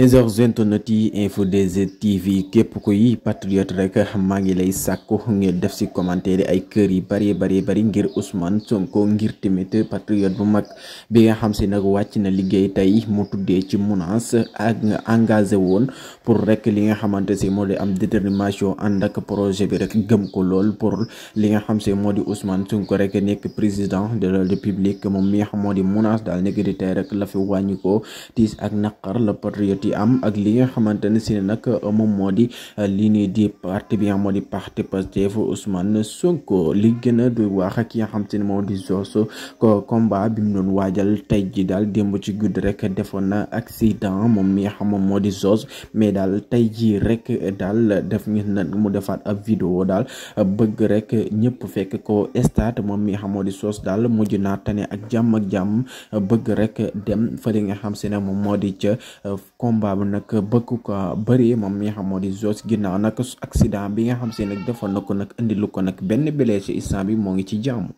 heures internet yi info 2S TV képp kuy patriote rek maa ngi lay sàkku ngeen def ci commentaire ay kër yi bari bari bari ngir Ousmane Sonko ngir tamit patriote bu mag bi nga xam si nag wàcc na liggéey tey mu tuddee ci menace ak nga engagé woon pour rek li nga xamante si moo di am détermination ànd ak projet bi rek gëm ko lool pour li nga xam si moo di Ousmane Sonko rek nekk président de la République moom mi nga xam moo di menace daal nekk di tey rek la fi wàññi tiis ak ci am ak li nga xamante ne si ne nag moom moo di euh, lii nii di parti bi nga moo di parti Pastef Ousmane Sonko li gën a doy wax ak ki nga xamante ne moo di Zozo ko combat bi waajal tey ji daal démb ci guddi rek defoon na accident moom mi nga xam moom moo di Zozo mais daal tey ji rek daal def ngeen na mu defaat ab vidéo daal bëgg rek ñëpp fekk ko stade moom mi nga xam moo di Zozo daal mujj naa tane ak jàmm ak jàmm bëgg rek dem fa nga xam si ne moom moo di ca euh, combat bi nak bëkk ko bëree moom mi nga xam moo di Zoss ginnaaw nak accident bi nga xam si nag dafa na ko nag indilu ko nag benn blessé instant bi moo ngi ci jamu.